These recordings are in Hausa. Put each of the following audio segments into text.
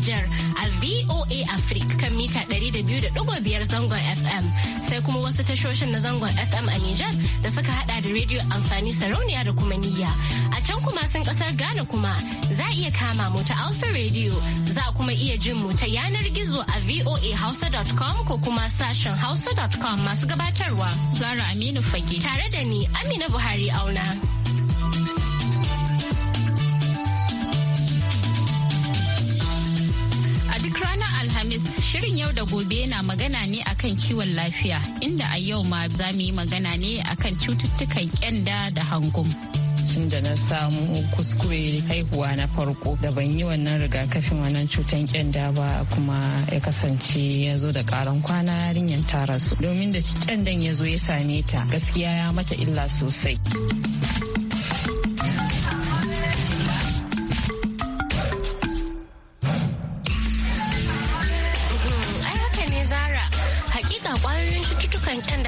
Nijar a VOA Africa kan mita 200.5 zangon FM sai kuma wasu tashoshin na zangon FM a Niger da suka hada da rediyo amfani sarauniya da kuma niyya. A can kuma sun kasar Ghana kuma za a iya kama mu ta Alpha Radio za kuma iya jin mu ta yanar gizo a voahausa.com ko kuma sashen hausa.com masu gabatarwa. Zara Aminu Fage. Tare da ni Amina Buhari Auna. Alhamis shirin yau da gobe na magana ne akan kiwon lafiya inda a yau ma za mu yi magana ne akan cututtukan kyanda da hangum. tun da na samu kuskure haihuwa na farko da ban yi wannan rigakafin wannan cutan kyanda ba kuma ya kasance ya zo da karan kwana yarinyar tara su domin da kyandan ya zo ya same ta gaskiya ya mata illa sosai.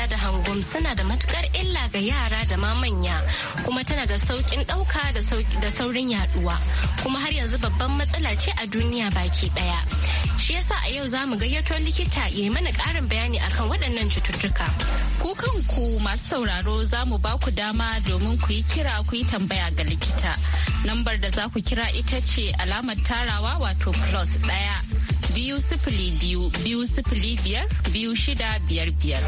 hassada da hangum suna da matukar illa ga yara da ma manya kuma tana da saukin ɗauka da saurin yaduwa kuma har yanzu babban matsala ce a duniya baki ɗaya. Shi yasa a yau za mu gayyato likita ya yi mana ƙarin bayani akan waɗannan cututtuka. Ku kanku masu sauraro za mu ba ku dama domin ku yi kira ku yi tambaya ga likita. Lambar da za ku kira ita ce alamar tarawa wato plus ɗaya. biyu sifili biyu biyu sifili biyar biyu shida biyar biyar.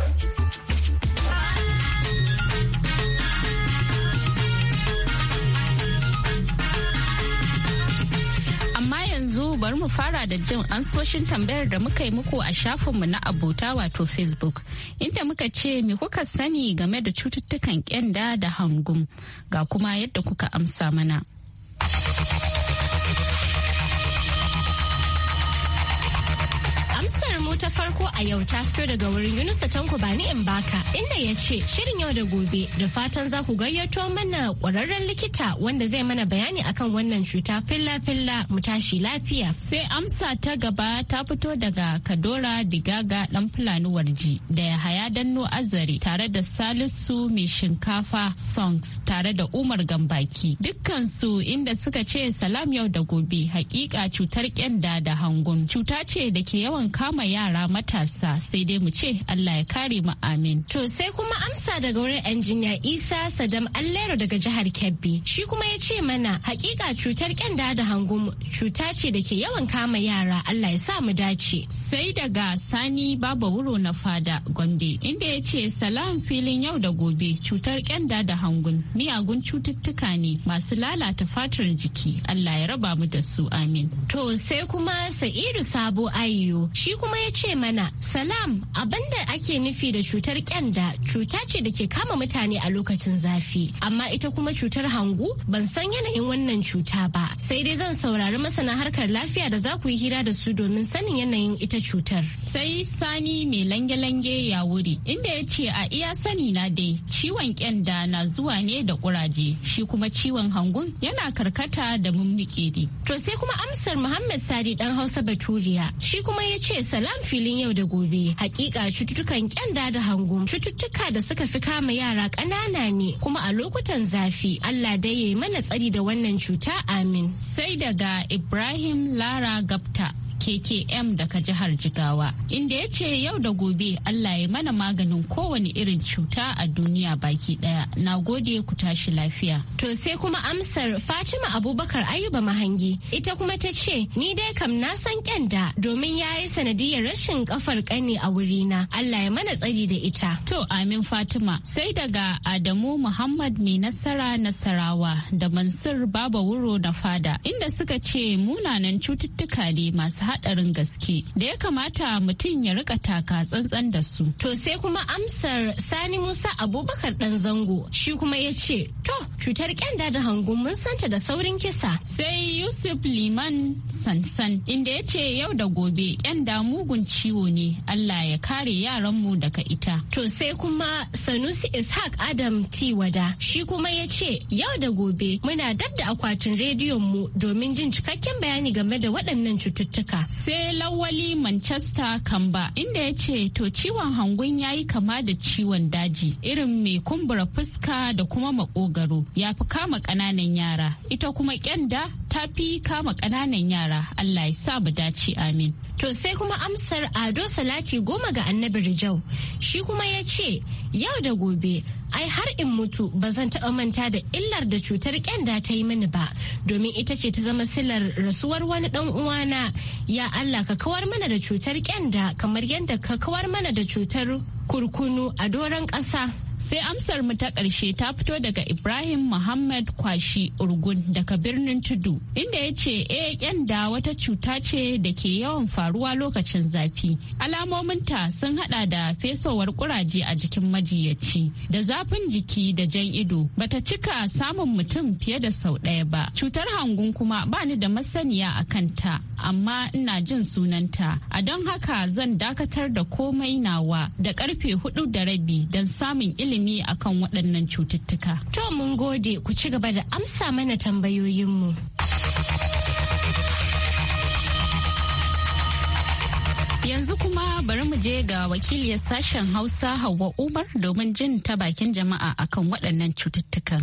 amma yanzu bari mu fara da jin ansoshin tambayar da muka yi muku a shafinmu na abota wato facebook inda muka ce me kuka sani game da cututtukan kyanda da hangum ga kuma yadda kuka amsa mana. mu ta farko a yau ta fito daga wurin Yunusa Tanko Bani in baka inda ya ce shirin yau da gobe da fatan za ku gayyato mana kwararren likita wanda zai mana bayani akan wannan cuta filla-filla mu tashi lafiya. Sai amsa ta gaba ta fito daga Kadora Digaga dan Fulani Warji da Yahaya Danno Azare tare da Salisu mai shinkafa songs tare da Umar Gambaki dukkansu inda suka ce salam yau da gobe hakika cutar kyanda da hangun cuta ce da ke yawan kama yara matasa sai dai mu ce Allah ya kare mu amin. To sai kuma amsa daga wurin injiniya Isa Sadam Allero daga jihar Kebbi. Shi kuma ya ce mana hakika cutar kyanda da hangum cuta ce da ke yawan kama yara Allah ya sa mu dace. Sai daga Sani Baba Wuro na Fada Gombe inda ya ce salam filin yau da gobe cutar kyanda da hangun miyagun cututtuka ne masu lalata fatar jiki Allah ya raba mu da su amin. To sai kuma Sa'idu Sabo Ayyo shi kuma ya ce mana salam abinda ake nufi da cutar kyanda cuta ce da ke kama mutane a lokacin zafi amma ita kuma cutar hangu ban san yanayin wannan cuta ba sai dai zan saurari masana harkar lafiya da za ku yi hira da su domin sanin yanayin ita cutar. Sai sani mai lange-lange ya wuri inda ya ce a iya sani na dai ciwon kyanda na zuwa ne da kuraje shi kuma ciwon hangun yana karkata da mummuke To sai kuma amsar Muhammad Sadi dan Hausa Baturiya shi kuma ya ce salam sauraron filin yau da gobe. Hakika cututtukan kyanda da hangum cututtuka da suka fi kama yara ƙanana ne kuma a lokutan zafi Allah dai ya yi mana tsari da wannan cuta amin. Sai daga Ibrahim Lara gabta kkm daga jihar jigawa inda ya ce yau da gobe allah ya mana maganin kowane irin cuta a duniya baki daya na gode ku tashi lafiya to sai kuma amsar fatima abubakar ayuba mahangi ita kuma ta ce ni dai kam na san kyanda domin ya yi sanadiyar rashin kafar kani a wurina allah ya mana tsari da ita to amin fatima sai daga adamu muhammad mai nasara nasarawa da mansur baba wuro na fada inda suka ce munanan cututtuka ne masu haɗarin gaske da ya kamata mutum ya rika taka tsantsan da su. To sai kuma amsar Sani Musa Abubakar ɗan zango shi kuma ya ce to cutar kyanda da hangun mun santa da saurin kisa. Sai Yusuf Liman Sansan inda ya ce yau da gobe kyanda mugun ciwo ne Allah ya kare yaranmu daga ita. To sai kuma Sanusi Ishaq Adam wada shi kuma ya ce yau da gobe muna dab da akwatin rediyon mu domin jin cikakken bayani game da waɗannan cututtuka. haka. Sai lawali Manchester Kamba inda ya ce to ciwon hangun ya yi kama da ciwon daji irin mai kumbura fuska da kuma makogaro ya fi kama ƙananan yara ita kuma kyanda ta fi kama ƙananan yara Allah ya sa mu dace amin. To sai kuma amsar Ado Salati goma ga annabi Rijau shi kuma ya ce yau da gobe ai har in mutu ba zan taɓa manta da illar da cutar kyanda ta yi mini ba domin ita ce ta zama silar rasuwar wani ɗan uwana ya Allah ka kawar mana da cutar kyanda kamar yadda ka kawar mana da cutar kurkunu a doron ƙasa. Sai amsar mu ta ƙarshe ta fito daga Ibrahim Muhammad Kwashi Urgun daga birnin Tudu, inda ya ce e eh, kyanda wata cuta ce da ke yawan faruwa lokacin zafi. Alamominta sun hada da fesowar kuraje a jikin majiyaci, da zafin jiki da jan ido, bata cika samun mutum fiye da sau ɗaya ba. Cutar hangun kuma ba ni da masaniya a kanta, amma ina jin sunanta. A don haka zan dakatar da komai nawa da karfe hudu da rabi don samun ilimi ilimi akan waɗannan cututtuka. To mun gode ku ci gaba da amsa mana tambayoyinmu. Yanzu kuma bari mu je ga wakiliyar sashen Hausa Hauwa Umar domin jin ta bakin jama'a akan waɗannan cututtukan.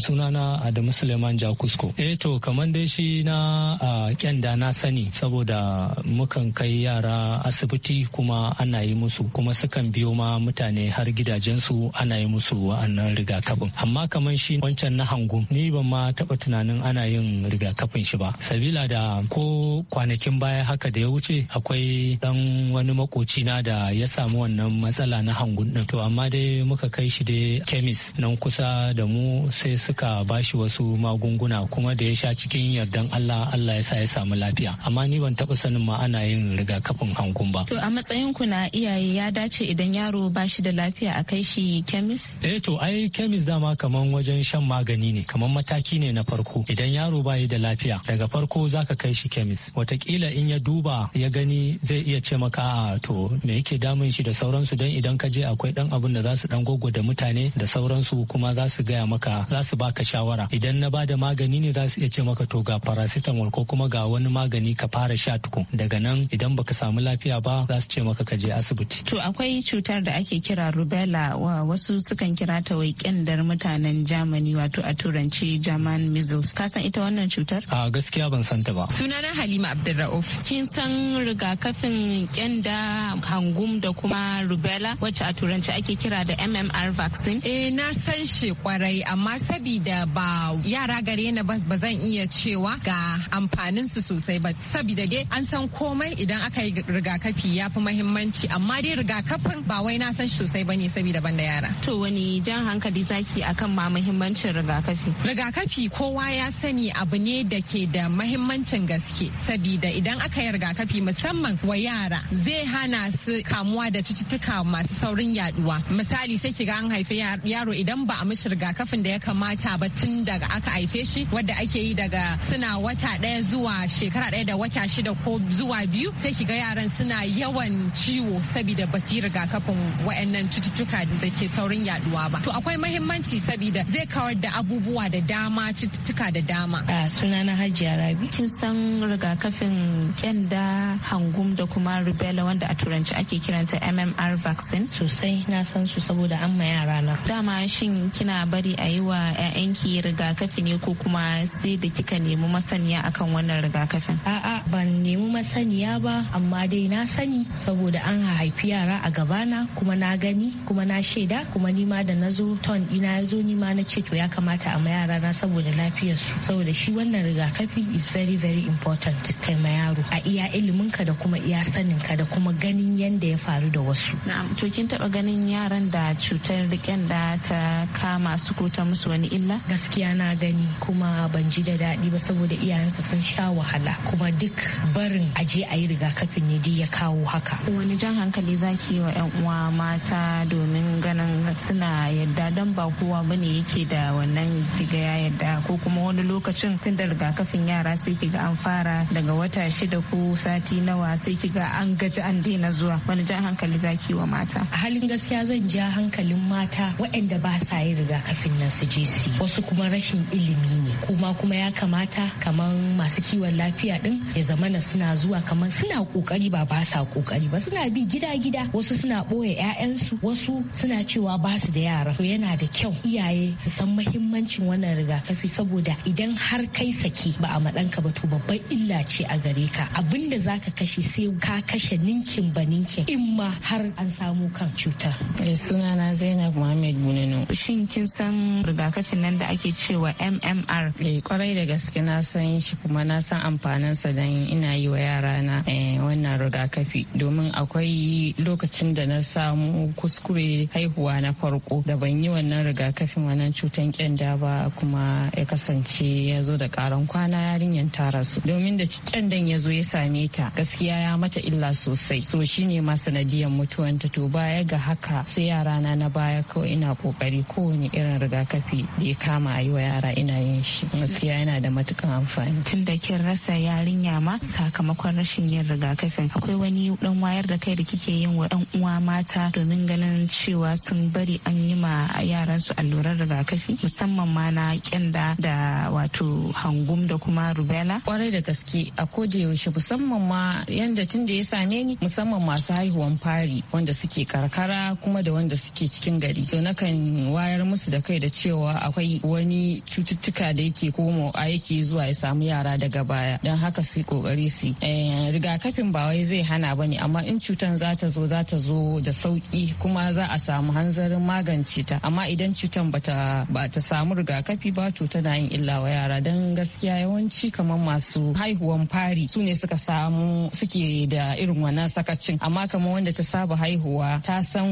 sunana Adamu Suleiman Jakusko. Eh to kamar dai shi na a kyanda na sani saboda mukan kai yara asibiti kuma ana yi musu kuma sukan biyo ma mutane har gidajensu ana yi musu wa'annan rigakafin. Amma kamar shi wancan na hangum ni ban ma taɓa tunanin ana yin rigakafin shi ba. Sabila da ko kwanakin baya haka da ya wuce akwai dan wani makoci na da ya samu wannan matsala na hangun din. To amma dai muka kai shi dai kemis nan kusa da mu sai suka bashi wasu magunguna kuma da ya sha cikin yardan Allah Allah ya sa ya samu lafiya amma ni ban taba sanin ma ana yin rigakafin hangun ba to a matsayin ku na iyaye ya dace idan yaro bashi da lafiya a kai shi kemis eh to ai kemis dama kaman wajen shan magani ne kaman mataki ne na farko idan yaro bai da lafiya daga farko zaka kai shi kemis watakila in ya duba ya gani zai iya ce maka a to me yake damun shi da sauransu don idan ka je akwai dan abun da za su dan da mutane da sauransu kuma za su gaya maka za su baka shawara idan na bada magani ne za su iya ce maka to ga paracetamol ko kuma ga wani magani ka fara sha tukun daga nan idan baka samu lafiya ba za su ce maka ka je asibiti to akwai cutar da ake kira rubella wa wasu sukan kira ta kyandar mutanen germany wato a turanci german measles ka san ita wannan cutar a gaskiya ban san ta ba suna na halima abdulrauf kin san rigakafin kyanda hangum da kuma rubella wacce a turanci ake kira da mmr vaccine eh na san shi kwarai amma sai sabi da ba yara gare na ba zan iya cewa ga amfanin su sosai ba da dai an san komai idan aka yi rigakafi ya fi mahimmanci amma dai rigakafin ba wai na san shi sosai bane sabida ban da yara to wani jan hankali zaki akan ma mahimmancin rigakafi rigakafi kowa ya sani abu ne da ke da mahimmancin gaske sabida idan aka yi rigakafi musamman wa yara zai hana su kamuwa da cututtuka masu saurin yaduwa misali sai kiga an haifi yaro idan ba a mishi rigakafin da ya kamata mata ba tun daga aka haife shi wadda ake yi daga suna wata ɗaya zuwa shekara ɗaya da wata shida ko zuwa biyu sai ki ga yaran suna yawan ciwo saboda ba yi rigakafin waɗannan cututtuka da ke saurin yaduwa ba. To akwai mahimmanci saboda zai kawar da abubuwa da dama cututtuka da dama. A suna na Hajiya Rabi. Kin san rigakafin kyanda hangum da kuma rubella wanda a turanci ake kiranta MMR vaccine? Sosai na san su saboda an ma yara na. Dama shin kina bari a yi wa 'ya'yanki rigakafi ne ko kuma sai da kika nemi masaniya akan wannan rigakafin? A'a ban nemi masaniya ba amma dai na sani saboda an haifi yara a gabana kuma na gani kuma na shaida kuma nima da na zo ton ina ya zo nima na ce to ya kamata a yara na saboda lafiyar su saboda shi wannan rigakafi is very very important kai ma yaro a iya ilimin ka da kuma iya sanin ka da kuma ganin yanda ya faru da wasu. Na'am to kin taba ganin yaran da cutar riken da ta kama su ko ta musu wani illa gaskiya na gani kuma ban ji da daɗi ba saboda iyayensu sun sha wahala kuma duk barin aje a yi rigakafin ne dai ya kawo haka wani jan hankali za zaki wa yan uwa mata domin ganin suna yadda don ba kowa ne yake da wannan siga ya yadda ko kuma wani lokacin tun da rigakafin yara sai kiga an fara daga wata shida ko sati nawa sai kiga an gaji an daina zuwa wani jan hankali za zaki wa mata a halin gaskiya zan ja hankalin mata waɗanda ba sa yin rigakafin nan su je su wasu kuma rashin ilimi ne kuma kuma ya kamata kamar masu kiwon lafiya din ya zamana suna zuwa kamar suna kokari ba ba sa kokari ba suna bi gida gida wasu suna boye ƴaƴansu wasu suna cewa ba su da yara to yana da kyau iyaye su san mahimmancin wannan rigakafi saboda idan har kai sake ba a maɗanka ba to babban illa ce a gare ka abinda zaka kashe sai ka kashe ninkin ba ninkin in ma har an samu kan cuta. Eh, sunana Zainab Muhammad Bunano shin kin san rigakafi rigakafin nan da ake cewa MMR. Eh kwarai da gaske na san shi kuma na san amfanin sa dan ina yi wa yara na eh, wannan rigakafi domin akwai lokacin da na samu kuskure haihuwa na farko da ban yi wannan rigakafin wannan cutan kyanda ba kuma ya kasance ya zo da karan kwana yarinyar ta rasu domin da kyandan ya zo ya same ta gaskiya ya mata illa sosai so shine ma sanadiyar mutuwanta to baya ga haka sai yara na na baya kawai ina kokari kowane irin rigakafi da ya kama a yi wa yara ina yin shi gaskiya yana da matukan amfani tun da kin rasa yarinya ma sakamakon rashin yin rigakafin akwai wani dan wayar da kai da kike yin wa dan uwa mata domin ganin cewa sun bari an yi ma yaran su alluran rigakafi musamman ma na kenda da wato hangum da kuma rubella kwarai da gaske a koda yaushe musamman ma yanda tun da ya same ni musamman masu haihuwan fari wanda suke karkara kuma da wanda suke cikin gari to nakan wayar musu da kai da cewa akwai wani cututtuka da yake komo a yake zuwa ya samu yara daga baya don haka su kokari su eh, rigakafin ba wai zai hana ba ne amma in cutan za ta zo za ta zo da sauki kuma za a samu hanzarin magance ta amma idan cutan ba ta samu rigakafi ba to tana yin illa wa yara don gaskiya yawanci kamar masu haihuwan fari su ne suka samu suke da irin wannan sakacin amma kamar wanda ta saba haihuwa ta san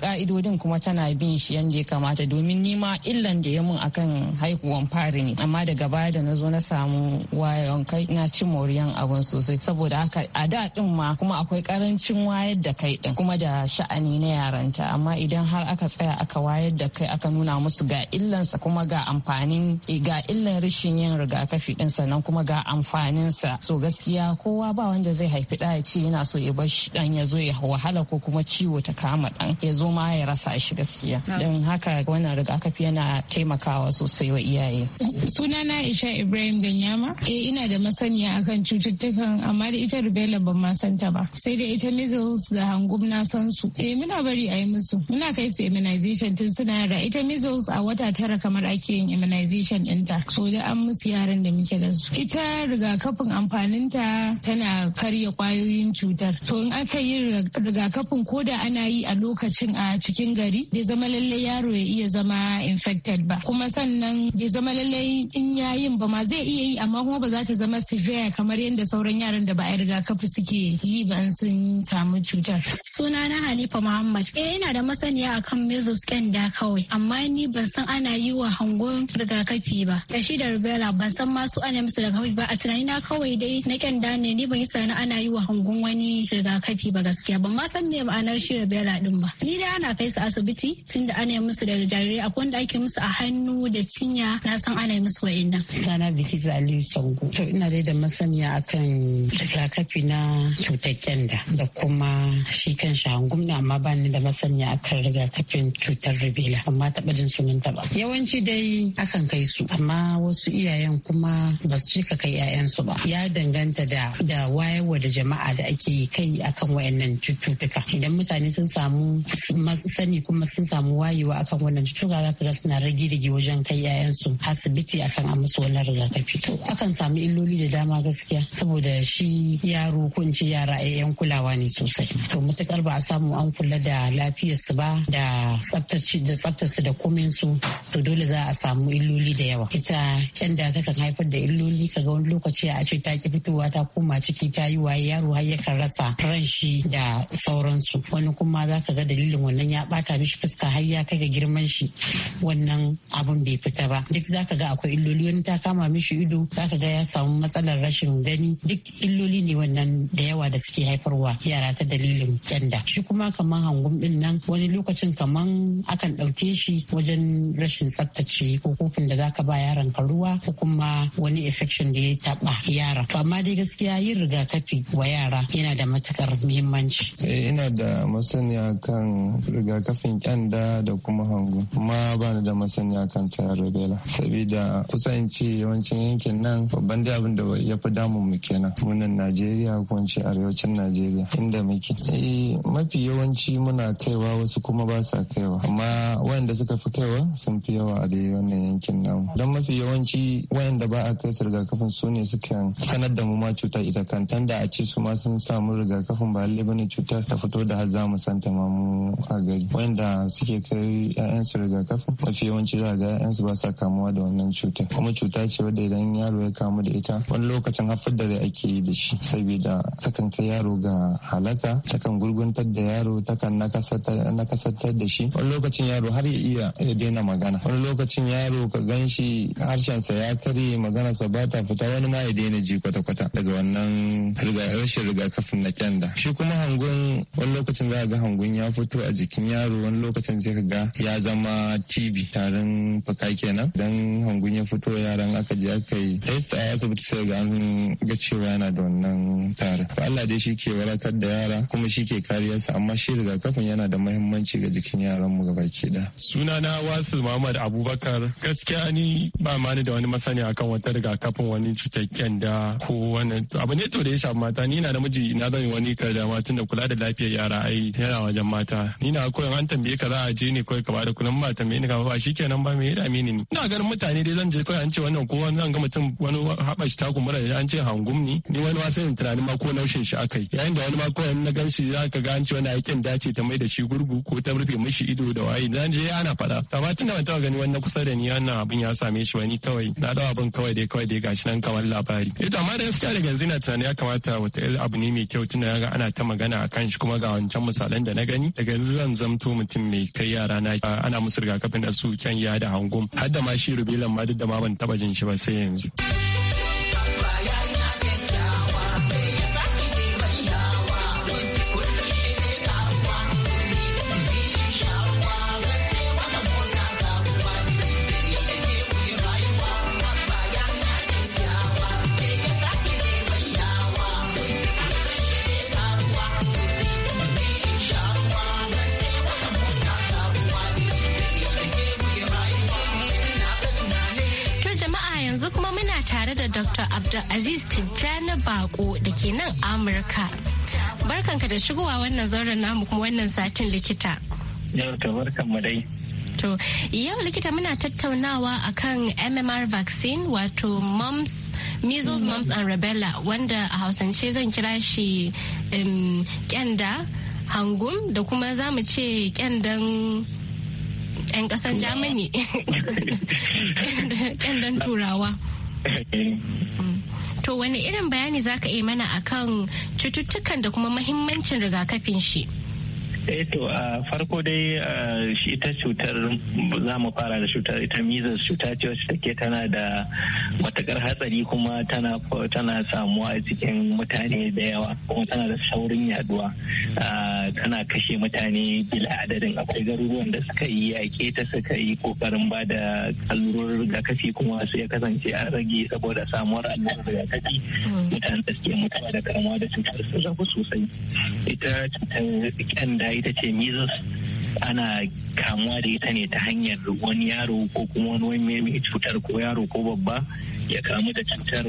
ka'idodin kuma tana bin shi yanda ya kamata domin nima illan kiran da ya mun kan haihuwan fari ne amma daga baya da na zo na samu wayan kai na ci moriyan abun sosai saboda haka a da din ma kuma akwai karancin wayar da kai din kuma da sha'ani na yaranta amma idan har aka tsaya aka wayar da kai aka nuna musu ga illansa kuma ga amfanin eh, ga illan rashin yin rigakafi din sannan kuma ga amfaninsa so gaskiya kowa ba wanda zai haifi da ce yana so ya bar shi dan ya zo ya wahala ko kuma ciwo ta kama dan ya zo ma ya rasa shi gaskiya don haka wannan rigakafi yana taimakawa sosai wa iyaye. Sunana Isha Ibrahim Ganyama. Eh ina da masaniya akan cututtukan amma da ita rubella ban ma san ta ba. Sai da ita measles da hangum na san su. E muna bari a yi musu. Muna kai su immunization tun suna yara. Ita measles a wata tara kamar ake yin immunization ɗinta. So da an musu yaran da muke da su. Ita rigakafin amfaninta tana karya kwayoyin cutar. To in aka yi rigakafin ko da ana yi a lokacin a cikin gari bai zama lallai yaro ya iya zama infected affected ba kuma sannan ya zama lallai in yayin ba ma zai iya yi amma kuma ba za ta zama severe kamar yadda sauran yaran da ba a riga kafi suke yi ba sun samu cutar. Suna na Halifa Muhammad. Eh ina da masaniya akan measles da kawai amma ni ban san ana yi wa hangon rigakafi ba. Da shi da rubella ban san ma su ana musu rigakafi ba a tunani na kawai dai na kyanda ne ni ban yi sani ana yi wa hangon wani rigakafi ba gaskiya ban ma san me ma'anar shi rubella din ba. Ni dai ana kai su asibiti tunda ana musu da jarirai akwai wanda ake musu a hannu da cinya na san ana yi musu wa'annan. Sana biki zali sango. To ina dai da masaniya akan rigakafi na cutar kyanda da kuma shi kan shahan gwamna amma bani ni da masaniya akan rigakafin cutar rubela amma taɓa jin sunan taɓa. Yawanci dai akan kai su amma wasu iyayen kuma ba su cika kai 'ya'yansu ba. Ya danganta da da wayarwa da jama'a da ake kai akan nan cututtuka. Idan mutane sun samu sani kuma sun samu wayewa akan wannan cututtuka za ka ga suna rage wajen kai 'ya'yansu asibiti akan a musu wannan rigakafi to akan samu illoli da dama gaskiya saboda shi yaro ko ce yara 'ya'yan kulawa ne sosai to matukar ba a samu an kula da lafiyarsu ba da tsaftace da tsaftarsu da su to dole za a samu illoli da yawa ita kyanda takan haifar da illoli ka ga wani lokaci a ce ta ki fitowa ta koma ciki ta yi waye yaro har yakan rasa ran shi da sauransu wani kuma za ka ga dalilin wannan ya bata mishi fuska har ya kai ga girman shi wannan wannan abun bai fita ba duk zaka ga akwai illoli wani ta kama mishi ido zaka ga ya samu matsalar rashin gani duk illoli ne wannan da yawa da suke haifarwa yara ta dalilin kyanda shi kuma kaman hangum din nan wani lokacin kaman akan ɗauke shi wajen rashin tsaftace ko kofin da zaka ba yaron ka ruwa ko kuma wani infection da ya taɓa yara to amma dai gaskiya yin rigakafi wa yara yana da matukar muhimmanci eh, ina da masaniya kan rigakafin kyanda da kuma hangu amma ba da masaniya kan tayar rubella sabida kusan ce yawancin yankin nan babban da abin da ya fi damun mu kenan munan najeriya ko ce arewacin najeriya inda muke mafi yawanci muna kaiwa wasu kuma ba sa kaiwa amma wayanda suka fi kaiwa sun fi yawa a dai wannan yankin nan. don mafi yawanci wayanda ba a kai su rigakafin su ne suke sanar da mu ma cutar ita kan tanda a ce su ma sun samu rigakafin ba lalle bane cutar ta fito da har za mu santa ma mu a gari wayanda suke kai 'ya'yansu rigakafin mafi yawanci za ga yan su ba sa kamuwa da wannan cutar kuma cuta ce wadda idan yaro ya kamu da ita wani lokacin haifar da ake yi da shi saboda takan kai yaro ga halaka takan gurguntar da yaro takan nakasantar da shi wani lokacin yaro har ya iya ya daina magana wani lokacin yaro ka gan shi harshensa ya karye maganarsa ba ta fita wani ma ya daina ji kwata-kwata daga wannan rashin rigakafin na kyanda shi kuma hangun wani lokacin za ga hangun ya fito a jikin yaro wani lokacin sai ka ga ya zama ta taron faka kenan dan hangun ya fito yaran aka je aka yi test a asibiti sai ga an ga cewa yana da wannan tarin to Allah dai shi ke warakar da yara kuma shi ke kariyarsa amma shi rigakafin yana da muhimmanci ga jikin yaran mu gaba ke da sunana Wasil Muhammad Abubakar gaskiya ni ba ma ni da wani masani akan wata rigakafin wani cutakken da ko wani abu ne to da ya shafi mata ni na namiji na zan wani ma tun da kula da lafiyar yara ai yana wajen mata ni na koyon an tambaye ka za a je ne kawai ka bada kulan ba tambaye ni ka ba shi shikenan ba me da amini ni ina ganin mutane dai zan je kai an ce wannan ko zan ga mutum wani haɓa shi taku mura an ce hangum ni ni wani wasa sai tunanin ma ko naushin shi akai yayin da wani ma ko na gan shi zaka ga an ce wani aikin dace ta mai da shi gurgu ko ta rufe mishi ido da waye zan je ana faɗa amma tun da ban gani wani kusa da ni wannan abin ya same shi wani kawai na dawa abin kawai dai kawai dai gashi nan kamar labari ita eh amma da gaskiya da yanzu ina tunanin ya kamata wata abu ne mai kyau tunda ga ana ta magana akan shi kuma ga wancan misalan da na gani daga yanzu zan zamto mutum mai kai yara na ana musu rigakafin da su kyan ya da hangum har da ma shi rubilan ma duk da ma ban taba jin shi ba sai yanzu. tare da Dr. Abdulaziz Tijjani Bako da ke nan Amurka. Barkanka da shigowa wannan zauren namu kuma wannan satin likita. Yau ta barkan madai. To, yau likita muna tattaunawa akan MMR vaccine wato mumps measles mumps and rubella wanda a hausance zan kira shi kyanda hangum da kuma za mu ce kyandan 'yan kasan germany kyandan turawa Mm. To wani irin bayani za ka iya mana akan cututtukan da kuma mahimmancin rigakafin shi? Eto eh a farko dai shi ita cutar za mu fara da cutar ita measles cuta ce wacce take tana da matakar hatsari kuma tana samuwa a cikin mutane da yawa kuma tana da saurin yaduwa tana kashe mutane bila adadin akwai garuruwan da suka yi yaƙe ta suka yi kokarin ba da allurar rigakafi kuma su ya kasance a rage saboda samuwar allurar rigakafi hmm. mutane da suke mutuwa da kamuwa da cutar sun rabu sosai ita cutar kyanda ita ce measles ana kamuwa da ita ne ta hanyar wani yaro ko kuma wani mai cutar ko yaro ko babba ya kamu da cutar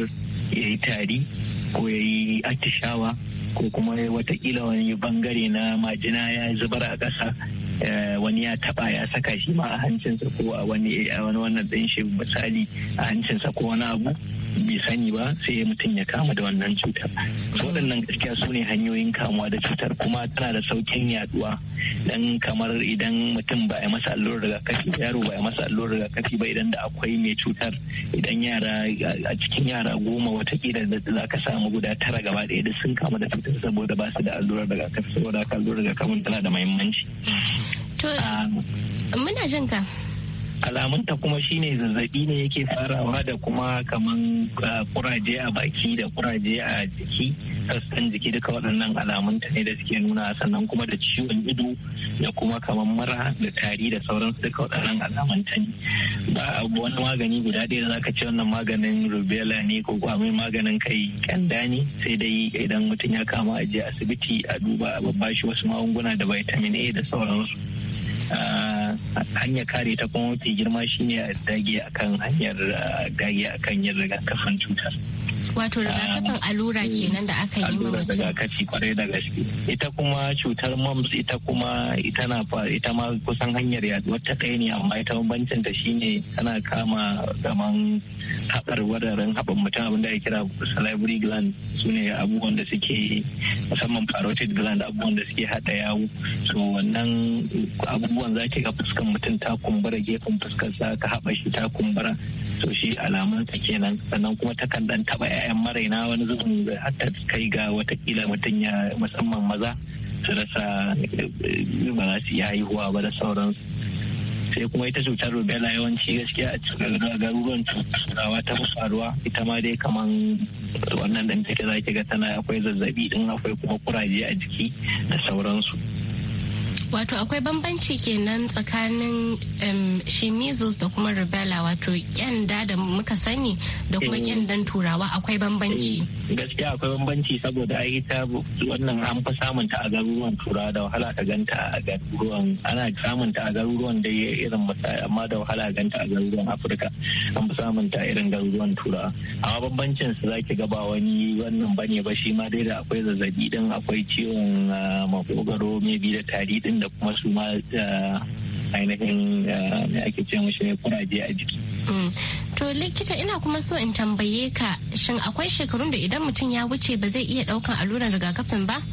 ya yi tari ko ya yi atishawa ko kuma watakila wani bangare na majina ya zubar a ƙasa eh, wani ya taba ya saka shi ma a hancinsa ko a wani wannan ɗin shi misali a hancinsa ko wani abu bai sani ba sai mutum ya kama da wannan cutar so waɗannan gaskiya su ne hanyoyin kamuwa da cutar kuma tana da saukin yaduwa dan kamar idan mutum ba ya masa allurar rigakafi yaro ba ya masa allurar rigakafi ba idan da akwai mai cutar idan yara a cikin yara goma watakila da za ka samu guda tara gaba ɗaya da sun kama da cutar saboda ba su da allurar rigakafi saboda haka allurar rigakafin tana da muhimmanci. Ah, muna jin ka. alamunta kuma shine zazzabi ne yake farawa da kuma kaman ah, kuraje a baki da kuraje a jiki sassan jiki duka waɗannan alamunta ne da suke nuna sannan kuma da ciwon ido da kuma kaman mara da tari da sauransu duka waɗannan alamunta ne ba wani magani guda ɗaya da zaka ce wannan maganin rubella ne ko kuma maganin kai kyanda ne sai dai idan mutum ya kama a je asibiti a duba a babbashi wasu magunguna da vitamin A da sauransu hanyar kare ta kuma mafi girma shine a dage akan hanyar dage akan yin rigakafin cutar Wato rigakafin allura kenan da aka yi ma mutum. rigakafi kwarai da gaske. Ita kuma cutar mumps ita kuma ita na ita ma kusan hanyar yaduwar ta ɗaya ne amma ita bambancin ta shine tana kama kaman haɓar wadarin haɓar mutum abinda ya kira salivary gland su ne abubuwan da suke musamman parotid gland abubuwan da suke haɗa yawo. So wannan abubuwan za ki ga fuskan mutum ta kumbura gefen sa ka haɓa shi ta kumbura. So shi alamun ta kenan sannan kuma takan dan taɓa 'ya'yan maraina wani zubin hatta kai ga watakila mutum ya musamman maza su rasa eh, ba za su iya haihuwa ba da sauransu sai kuma ita cutar rubella yawanci gaskiya a cikin garuruwan turawa ta fi faruwa ita ma dai kamar wannan da take zaki ga tana akwai zazzabi din akwai kuma kuraje a jiki da sauransu wato akwai bambanci kenan tsakanin shi measles da kuma rubella wato kyanda da muka sani da kuma eh. kyandan turawa akwai bambanci eh, gaskiya akwai bambanci saboda yi ita wannan an fi samun ta a garuruwan turawa da wahala ta ganta a garuruwan ana samun ta a garuruwan da irin amma da wahala ganta a garuruwan afirka an fi samun ta irin garuruwan turawa amma bambancin su zaki ga ba wani wannan bane ba shi ma dai da akwai zazzabi din akwai ciwon ah, makogaro bi da tari din da kuma su ma eh, ainihin ne eh, ake ce mashi ne kuraje a jiki. Mm. To likita ina kuma so in tambaye ka shin akwai shekarun da idan mutum ya wuce ba zai iya daukan alluran rigakafin ba?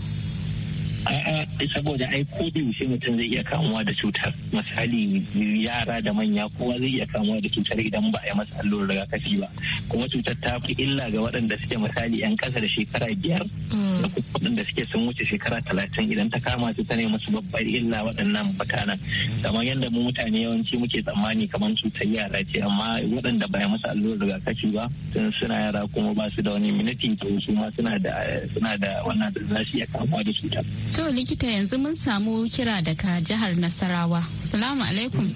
A'a saboda ai ko da yaushe mutum zai iya kamuwa da cutar misali yara da manya kowa zai iya kamuwa da cutar idan ba a yi masa allurar rigakafi ba kuma cutar ta fi illa ga waɗanda suke misali yan ƙasa da shekara biyar da mm. kuma waɗanda suke sun wuce shekara talatin idan ta kama su ta ne musu babbar illa waɗannan mutanen kamar yadda mu mutane yawanci muke tsammani kamar cutar yara ce amma waɗanda ba a yi masa allurar rigakafi ba sun suna yara kuma ba su da wani miniti ke su ma suna da wannan da za su iya kamuwa da cutar. To likita yanzu mun samu kira daga jihar Nasarawa. Salamu alaikum.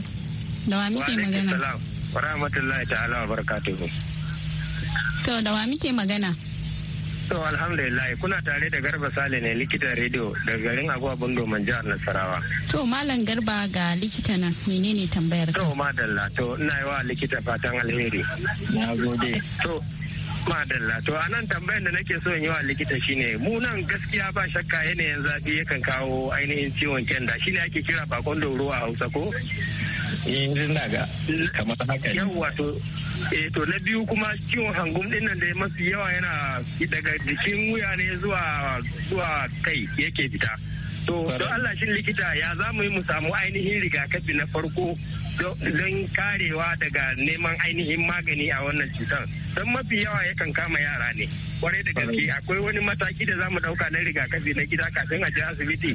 Da wa muke magana? Wa rahmatullahi ta'ala wa barakatuhu. To da wa muke magana? To alhamdulillah kuna tare da Garba Sale ne likitan rediyo daga garin Bundo man jihar Nasarawa. To Malam Garba ga likita nan menene tambayar ka? To madalla to ina yi wa likita fatan alheri. Na gode. To Madalla to a nan tambayar da nake so yi wa likita shine mu nan gaskiya ba shakka yanayin zafi yakan kawo ainihin ciwon kyanda shine ake kira bakon doro a Hausa ko? Yanzu eh, na ga kamar haka. yawa to eh to na biyu kuma ciwon hangum din nan da mafi yawa yana daga jikin wuya ne zuwa zuwa kai yake fita. To don Allah shin likita ya za mu yi mu samu ainihin rigakafi na farko don karewa daga neman ainihin magani a wannan cutar. Don mafi yawa yakan kama yara ne. Kwarai da gaske akwai wani mataki da za mu ɗauka na rigakafi na gida kafin a je asibiti.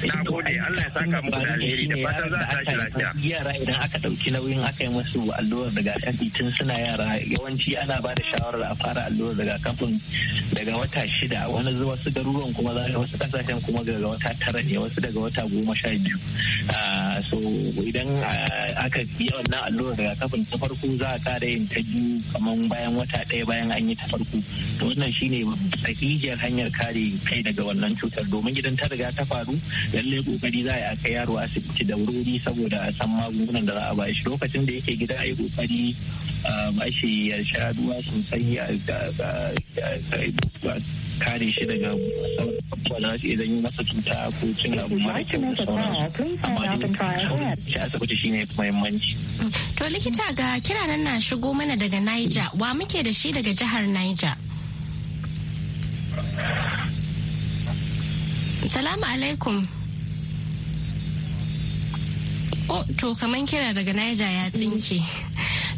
na gode Allah ya saka muku da alheri da fatan za a tashi lafiya yara idan aka dauki nauyin aka yi musu allurar rigakafi tun suna yara yawanci ana ba da shawarar a fara allurar kafin daga wata shida wani zuwa su garuruwan kuma za wasu kasashen kuma daga wata tara ne wasu daga wata goma sha biyu ah, so idan ah, aka yi wannan allurar rigakafin ta farko za a kara yin ta biyu kamar bayan wata ɗaya bayan an yi ta farko to wannan shine sahihiyar hanyar kare kai daga wannan cutar domin idan ta riga ta faru lalle kokari za a kai yaro asibiti da wuri saboda a san magungunan da za a bashi lokacin da yake gida a yi kokari bashi ya sha ruwa sosai a kare shi daga abubuwa da su yi masa cuta ko cin abu mara kyau da sauransu amma da shi asibiti shi ne muhimmanci. To likita ga nan na shigo mana daga Niger wa muke da shi daga jihar Niger. Salamu alaikum. Oh, to kaman kira daga Niger ya tsinke.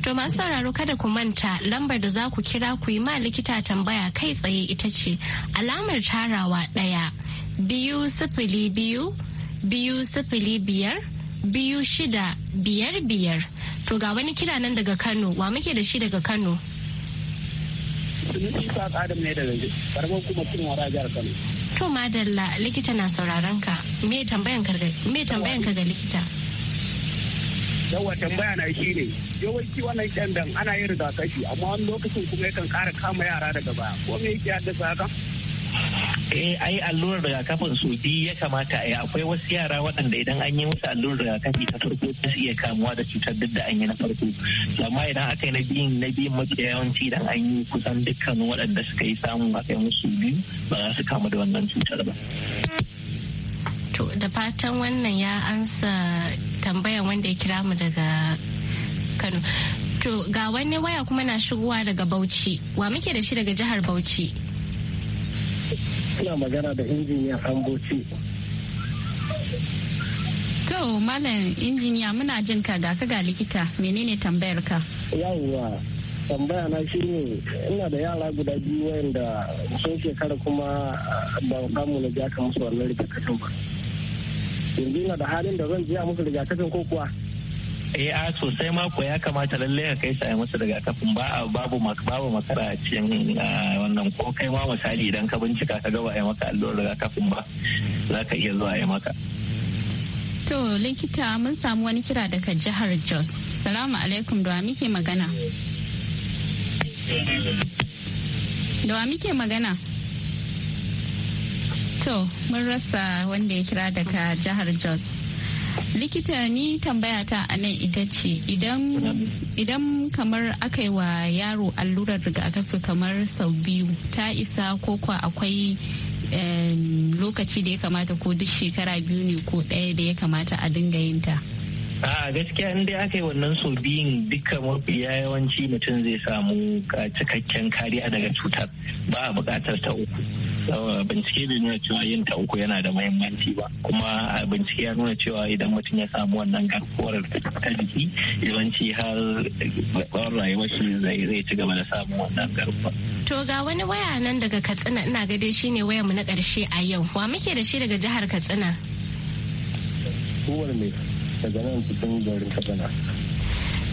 To masu sauraro kada ku manta lambar da za ku kira ku yi ma likita tambaya kai tsaye ita ce alamar tarawa ɗaya biyu sifili biyu biyu sifili biyar biyu shida biyar biyar. To ga wani kira nan daga Kano wa muke da shi daga Kano. Sunan Isa Adam ne daga karamar kuma cin wara jihar Kano. To madalla likita na sauraron ka me tambayan ka ga likita? yawa tambaya na shi ne yawanci wannan kyandan ana yin rigakafi amma wani lokacin kuma yakan kara kama yara daga baya ko me yake haddasa haka? eh ai allurar rigakafin su biyu ya kamata ai akwai wasu yara waɗanda idan an yi musu allurar rigakafi ta farko ta su iya kamuwa da cutar duk da an yi na farko amma idan aka yi na biyun na biyun mafi yawanci idan an yi kusan dukkan waɗanda suka yi samun aka yi musu biyu ba za su kamu da wannan cutar ba. To da fatan wannan ya ansa tambayan wanda ya kira mu daga Kano. To ga wani waya kuma na shigowa daga Bauchi. Wa muke da shi daga jihar Bauchi? kuna magana da injiniya Samboci. To Malam injiniya muna jin ka ga ka ga likita menene tambayar ka? Yawwa tambaya na shi ne ina da yara guda biyu wayanda sun shekara kuma ah, ba samu na jaka musu wannan rigakafin ba. Yanzu ina da halin da zan je a musu rigakafin ko kuwa? AI eh, a sosai mako ya kamata lallai ka kai sai masa kafin ba babu babu makara a cikin wannan ko kai ma misali idan ka bincika ka ga ba ai maka allurar kafin ba za ka iya zuwa ai maka To likita mun samu wani kira daga jihar Jos. Salamu alaikum da muke magana. Da muke magana? To mun rasa wanda ya kira daga jihar Jos. likita ni tambaya ta a nan ita ce idan kamar aka yi wa yaro allurar rigakafi kamar sau biyu ta isa ko kwa akwai lokaci da ya kamata ko duk shekara biyu ne ko ɗaya da ya kamata a dinga yin ta a gaskiya in dai aka yi wannan sau biyun duka ya yawanci mutum zai samu ah, cikakken kariya daga cutar ba a buƙatar ta uku bincike bai nuna cewa yin ta uku yana da mahimmanci ba kuma bincike ya nuna cewa idan mutum ya samu wannan garkuwar ta jiki yawanci har tsawon rayuwar shi zai ci gaba da samun wannan garkuwar. To ga wani waya nan daga Katsina ina ga dai shine wayar mu na karshe a yau. Wa muke da shi daga jihar Katsina? kowane ne daga nan cikin garin Katsina.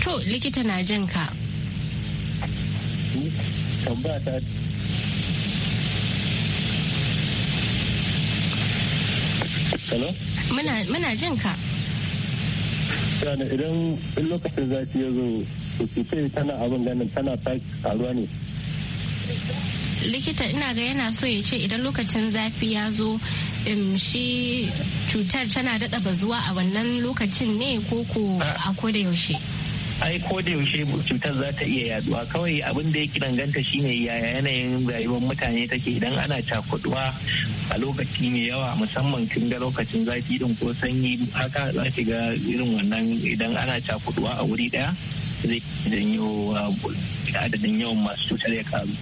To likita na jin ka. Tambaya ta hello muna muna jin ka yana idan lokacin zafi ya zo kusurce tana abin ganin tana karuwa ne likita ina ga yana so ya ce idan lokacin zafi ya zo shi cutar tana daɗa bazuwa a wannan lokacin ne ko ko a da yaushe ai ko da yaushe cutar za ta iya yaduwa kawai abin da yake danganta shine yaya yanayin rayuwar mutane take idan ana cakuduwa a lokaci mai yawa musamman kin ga lokacin zafi din ko sanyi haka za ki ga irin wannan idan ana cakuduwa a wuri daya zai janyo ah, adadin yawan masu cutar ya karu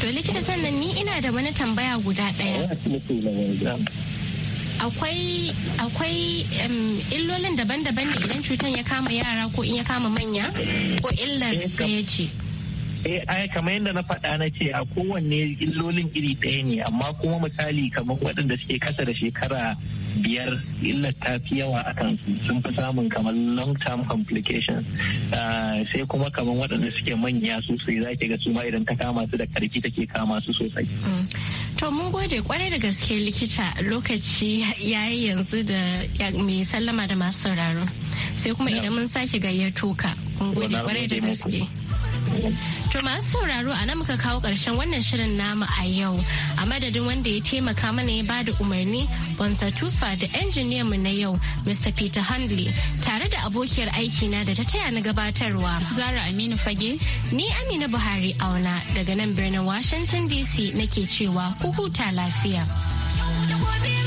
to likita sannan ni ina da wani tambaya guda daya akwai akwai illolin daban-daban ne idan cutan ya kama yara ko in ya kama manya ko illar ɗaya ce eh ai kamar yadda na faɗa na ce a kowanne illolin iri ɗaya ne amma kuma misali kamar waɗanda suke kasa da shekara biyar illar ta fi yawa akan sun fi samun kamar long term complications ah, sai kuma kamar waɗanda suke manya sosai za ki ga su ma idan ta kama su da karfi take kama su sosai. Mm. To mun gode kwarai da gaske likita lokaci ya yi yanzu da mai sallama da masu sauraro sai kuma idan mun sake gayyato ka mun gode kwarai da gaske. To masu sauraro a nan muka kawo ƙarshen wannan shirin namu a yau. A madadin wanda ya taimaka mana ya bada umarni Bonsa Tufa da injiniyan mu na yau Mr. Peter Handley tare da abokiyar aiki na da ta taya na gabatarwa. Zara Aminu Fage. Ni Amina Buhari auna daga nan birnin Washington DC nake cewa ku huta lafiya.